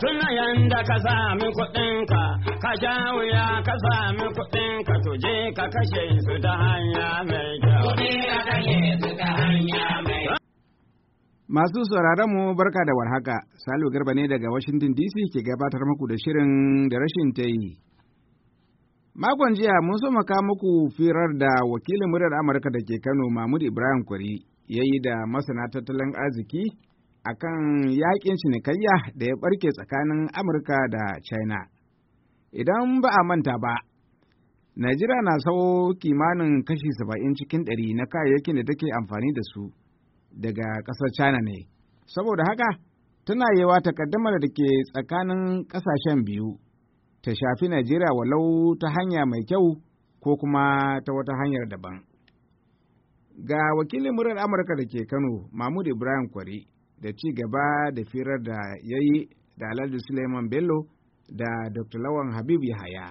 tuna yanda ka sami kuɗinka ka ja wuya ka sami kuɗinka to je ka kashe su ta hanya mai kyau. ka kashe su da hanya Masu sauraron mu barka da warhaka, Salu Garba ne daga Washington DC ke gabatar muku da shirin da rashin ta yi. Makon jiya mun so maka muku firar da wakilin muryar Amurka da ke Kano Mahmud Ibrahim Kwari ya yi da masana tattalin arziki akan yakin cinikayya da ya barke tsakanin Amurka da China. Idan ba a manta ba, Najeriya na sau kimanin kashi saba'in cikin ɗari na kayayyakin da take amfani da su daga ƙasar China ne. Saboda haka, tana yawa takaddamar da ke tsakanin ƙasashen biyu ta shafi Najeriya walau ta hanya mai kyau ko kuma ta wata hanyar daban. Ga wakilin murar Amurka da ke Kano, Mahmud Ibrahim Kwari. da ci gaba da firar da ya yi da Alhaji Suleiman Bello da Dr. Lawan Habib Yahaya.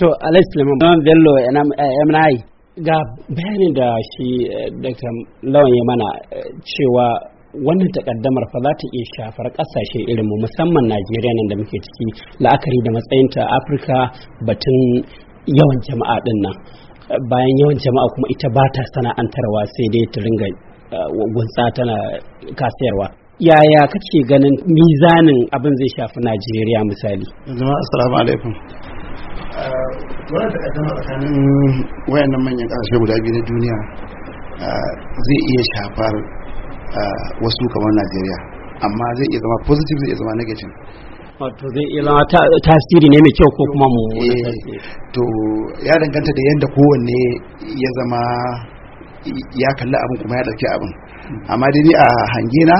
To, Alhaji Suleiman Bello MNI eh, ga bayanin da shi eh, Dr. Lawan ya mana eh, cewa wannan takaddamar fa za ta iya shafar kasashe irin musamman Najeriya nan da muke ciki la'akari da matsayinta Afirka batun yawan jama'a din bayan yawan jama'a kuma ita ba ta sana'antarwa sai dai ta ringa uh, gunsa tana kasayarwa yaya kake ganin mizanin abin zai shafi najeriya misali assalamu alaikum uh, wani takaddama tsakanin wayannan manyan kasashe guda biyu na duniya uh, zai iya shafar wasu kamar najeriya amma zai iya zama positive zai iya zama negative wato zai iya tasiri ne mai kyau ko kuma mu eh, to ya danganta da yadda kowanne ya zama ya kalli abin kuma ya ɗauki abin amma dai a hange na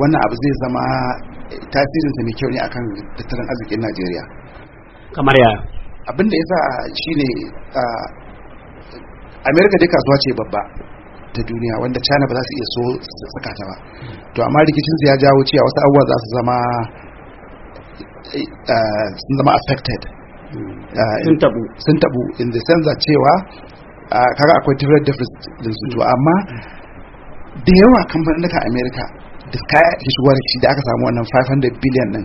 wannan abu zai zama eh, tasirinsa mai kyau ne akan tattalin arzikin najeriya kamar ya abinda ya sa shine amerika dai kasuwa ce babba ta duniya wanda china ba za su iya so saka ta ba to amma rikicin ya jawo cewa wasu abubuwa za su zama sun zama affected hmm. uh, sun tabu sun in the sense that cewa uh, kaga akwai different difference din su to amma da yawa kamfanin daga america da kaya ke shigowa da shi da aka samu wannan 500 billion din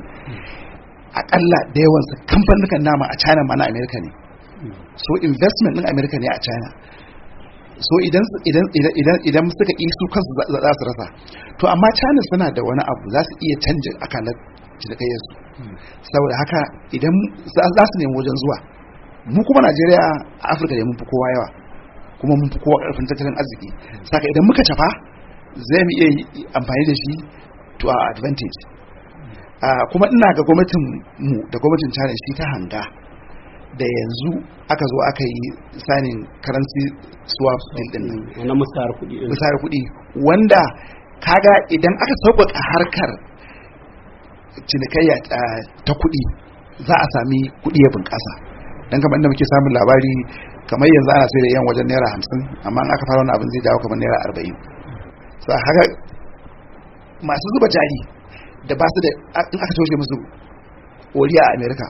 akalla da su kamfanin nama a china ma na america ne hmm. so investment din america ne a china so idan idan idan idan suka isu kansu za su rasa to amma china suna da wani abu za su iya canja akalar su saboda haka idan za su nemi wajen zuwa mu kuma najeriya a afirka da mun fi kowa yawa kuma mun fi kowa karfin tattalin arziki saka idan muka cafa zai mu iya amfani da shi to a advantage kuma ina ga gwamnatin mu da gwamnatin china shi ta hanga da yanzu aka zo aka yi sanin currency swap din din nan na musayar kuɗi wanda kaga idan aka sauƙaƙa harkar cinikayya ta kuɗi za a sami kuɗi ya bunƙasa don kamar inda muke samun labari kamar yanzu ana sai da yan wajen naira hamsin amma in aka fara wani abin zai dawo kamar naira arba'in sa haka masu zuba jari da ba su da in aka toshe musu oriya a amerika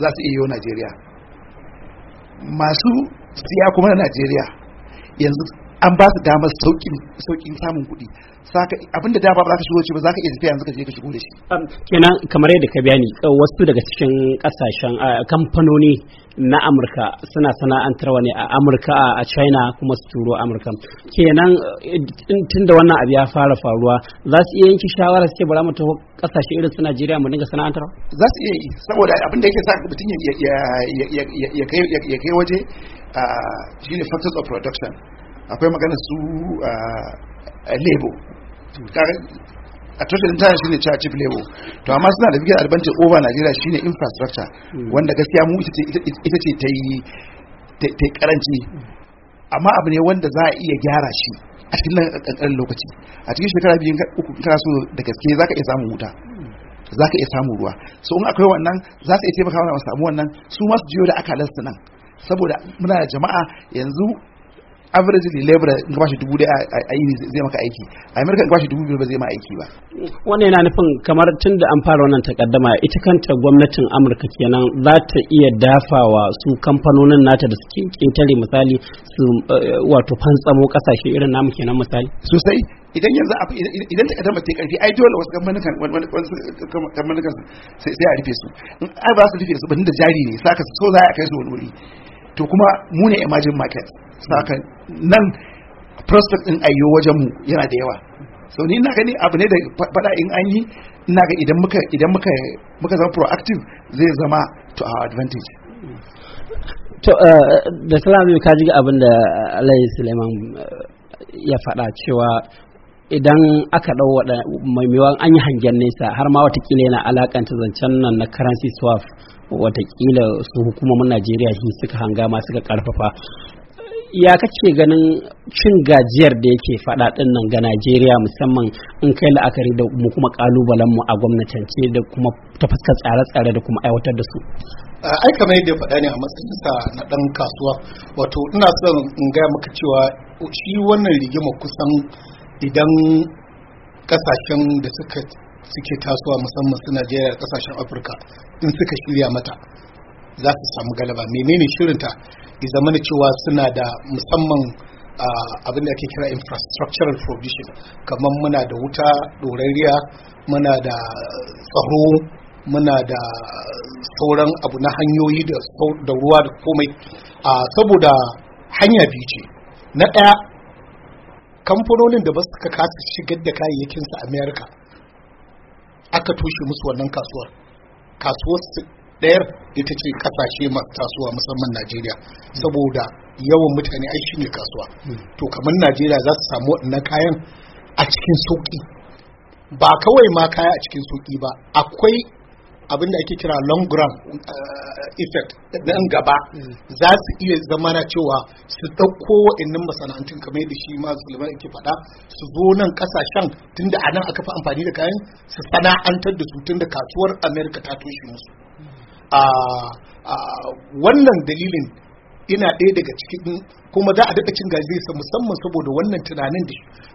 za su iya yiwu najeriya masu siya kuma na najeriya yanzu an ba su damar saukin saukin samun kuɗi saka abinda da ba za ka shigo shi ba za ka iya tafiya yanzu ka je ka shigo da shi um, kenan kamar yadda ka bayani uh, wasu daga cikin kasashen uh, kamfanoni na Amurka suna sana'antar ne a Amurka a China kuma su turo Amurka kenan uh, tunda wannan abu ya fara faruwa za su iya yanki shawara suke bara mu taho kasashe irin su Najeriya mu dinga sana'antar za su iya yi saboda abin da yake sa mutum ya kai waje shine factors of production akwai magana su a lebo a tattalin tana shine cewa chief lebo. to amma suna da bigger advantage over Najeriya shine infrastructure wanda gaskiya mu ita ce ta yi ta karanci amma abu ne wanda za a iya gyara shi a cikin nan kankanin lokaci a cikin shekara biyu uku kana so da gaske za ka iya samun wuta za ka iya samun ruwa so in akwai wannan za su iya taimaka mana samu wannan su masu jiyo da aka lasta nan saboda muna da jama'a yanzu average da labor in ba dubu daya a yi zai maka aiki a america in ba dubu biyu ba zai ma aiki ba wannan yana nufin kamar tun da an fara wannan takaddama ita kanta gwamnatin amurka kenan za ta iya dafawa su kamfanonin nata da suke kintare misali su eh, wato fantsamo kasashe irin namu kenan misali sosai idan yanzu idan ta kadama ta karfi ai dole wasu kamfanukan kamfanukan sai a rufe su in ai ba su rufe su ba da jari ne saka so za a kai su wani wuri to kuma mu ne emerging market saka nan prospect din ayyo wajen mu yana da yawa so ni na gani abu ne da fada in an yi ina ga idan muka idan muka muka zama proactive zai zama to our advantage to uh, da salamu ka ji abin da Alayhi Suleiman uh, ya fada cewa idan aka dau wada maimawan an yi hangen nesa har ma watakila yana alakanta zancen nan na currency swap watakila su hukumomin najeriya shi suka hangama suka karfafa ya kake ganin cin gajiyar da yake faɗa nan ga najeriya musamman in kai la'akari da mu kuma kalubalen mu a gwamnatance da kuma ta fuskar tsare-tsare da kuma aiwatar da su ai kamar yadda faɗa ne a sa na ɗan kasuwa wato ina son in gaya maka cewa shi wannan rigima kusan idan kasashen da suka suke tasowa musamman su najeriya da kasashen afirka in suka shirya mata za su samu galaba menene shirinta ya zamana cewa suna da musamman abin da ake kira infrastructural provision kamar muna da wuta ɗorariya muna da tsaro muna da sauran abu na hanyoyi da ruwa da komai saboda hanya biyu ce na ɗaya kamfanonin da ba su kasa shigar da kayayyakinsu a amerika aka toshe musu wannan kasuwar kasuwar ɗayar ita ce kasashe masu tasowa musamman najeriya saboda yawan mutane ai shine kasuwa hmm. to kamar najeriya za su samu waɗannan kayan a cikin sauƙi ba kawai ma kaya a cikin sauƙi ba akwai abin da ake kira long run eh, effect nan gaba za su iya zama na cewa su ɗauko wa'annan masana'antun kamar yadda shi ma Suleiman yake faɗa su zo nan ƙasashen tunda a nan aka fi amfani da kayan su sana'antar da su tunda kasuwar Amerika ta toshe musu. Ah, ah, wannan dalilin ina ɗaya daga cikin kuma za a daɗa cin gajiyarsa musamman saboda wannan tunanin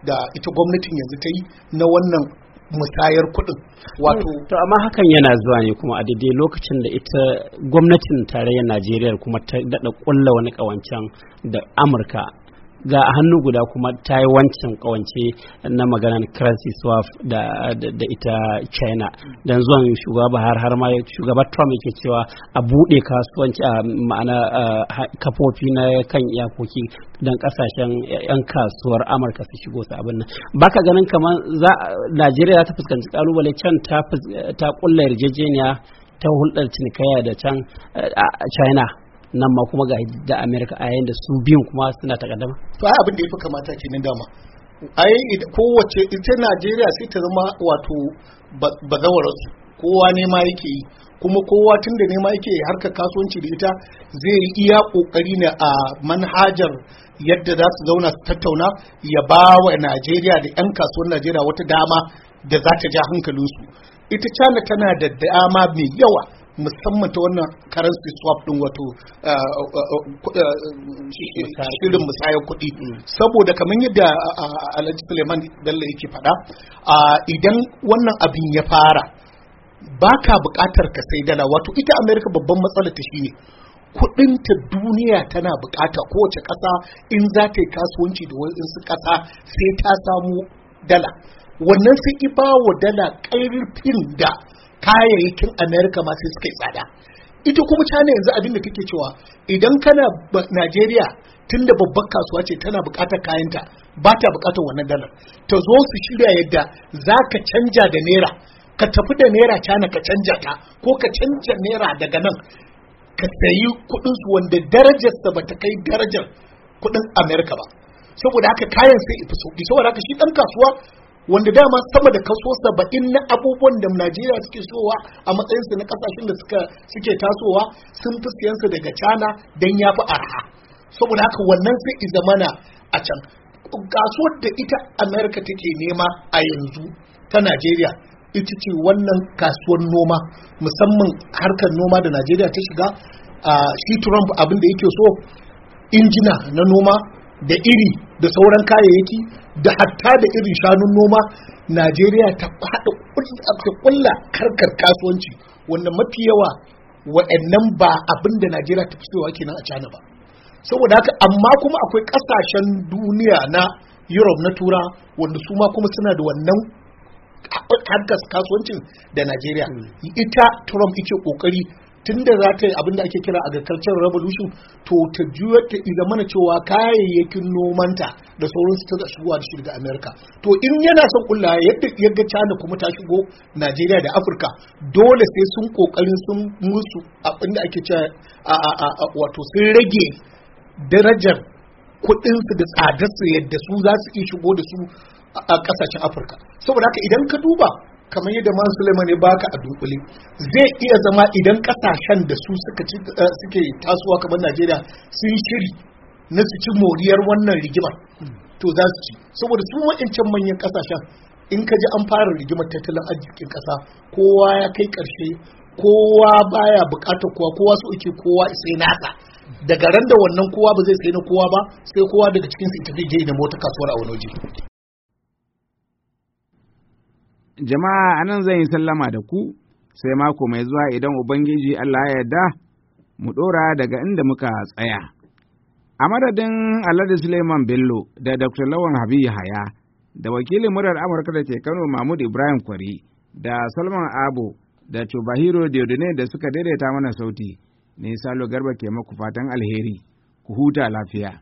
da ita gwamnatin yanzu ta yi na wannan musayar kuɗin wato to amma hakan yana zuwa ne kuma a daidai lokacin da ita gwamnatin tarayyar najeriya kuma ta daɗa ƙulla wani ƙawancen da amurka ga hannu guda kuma ta yi wancan kawance na maganar currency swap da, ita china don zuwan shugaba bahar har ma shugaba trump yake cewa a bude kasuwanci a ma'ana kafofi na kan iyakoki don kasashen yan kasuwar amurka su shigo su abin nan baka ganin kamar za najeriya ta fuskanci kalubale can ta kulla yarjejeniya ta hulɗar cinikayya da can china nan ma kuma ga da amerika a yayin da su biyun kuma suna takaddama to ai abin da yafi kamata kenan dama ai kowace ita najeriya sai ta zama wato bazawararsu kowa ne ma yake yi kuma kowa tun da ne ma yake harkar kasuwanci da ita zai yi iya kokari ne a manhajar yadda za su zauna su tattauna ya ba wa najeriya da 'yan kasuwar najeriya wata dama da za ta ja hankalinsu ita cana tana da dama mai yawa musamman ta wannan currency swap din wato uh, uh, uh, shirin musayar kuɗi mm. saboda kamar yadda alhaji suleiman bello yake faɗa idan wannan abin ya fara ba ka buƙatar ka sai dala wato ita amerika babban matsala ta shine kudin ta duniya tana bukata kowace ƙasa in za ta yi kasuwanci da wasu ƙasa sai ta samu dala wannan sai ba wa dala ƙarfin da kayayyakin amerika ma sai suka yi tsada ita kuma china yanzu abin da take cewa idan kana Nigeria tun da babbar kasuwa ce tana bukatar kayanta ba ta bukatar wannan dalar ta zo su shirya yadda za ka canja da naira ka tafi da naira cana ka canja ta ko ka canja naira daga nan ka sayi kudin su wanda darajarsa ba ta kai darajar kuɗin amerika ba saboda haka kayan sai ifi sauki saboda haka shi dan kasuwa wanda dama sama da kaso saba'in na abubuwan da Najeriya suke sowa a matsayinsu na kasashen da suka suke tasowa sun fi siyansa daga cana don ya fi arha saboda haka wannan sai i zamana a can kasuwar da ita America take nema a yanzu ta Najeriya ita ce wannan kasuwar noma musamman harkar noma da Najeriya ta shiga ah, shi Trump abin da yake so injina na noma da iri da sauran kayayyaki da hatta da irin shanun noma najeriya ta fada kulla karkar kasuwanci wanda mafi yawa wa'annan ba abin da najeriya ta fitowa kenan a cana ba saboda haka amma kuma akwai kasashen duniya na europe na tura wanda su ma kuma suna da wannan harkar kasuwancin da najeriya hmm. ita trump yake kokari tunda za ta yi abin da ake kira agricultural revolution to ta juya ta iga mana cewa kayayyakin nomanta da sauransu ta shigowa da shi daga Amerika to in yana son kulla yadda yadda China kuma ta shigo Najeriya da Afirka dole sai sun kokarin sun musu abin da ake cewa wato sun rage darajar kuɗinsu da tsadarsu yadda su za su iya shigo da su a kasashen afirka saboda haka idan ka duba kamar yadda man suleiman ya baka a dunkule zai iya zama idan kasashen da su eh, suke tasowa kamar najeriya sun shiri na su ci moriyar wannan rigimar to za su ci saboda su wa'ancan manyan kasashen in ka ji an fara rigimar tattalin arzikin kasa kowa ya kai karshe kowa baya bukatar kowa kowa su uke kowa sai nasa daga ran da wannan kowa ba zai sai na kowa ba sai kowa daga cikin su ita zai je da mota kasuwar a wani waje Jama'a anan zan yi sallama da ku sai mako mai zuwa idan Ubangiji Allah ya yarda mu ɗora daga inda muka tsaya. A madadin Alhaji Suleiman Bello da Dr. Lawan Habi haya da wakilin murar Amurka da ke Kano Mahmud Ibrahim Kwari da Salman Abo da cobahiro Diodune da suka daidaita mana sauti, ne Salo Garba ke maku fatan alheri, ku huta lafiya.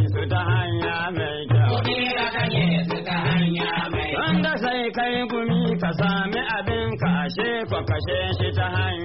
behind.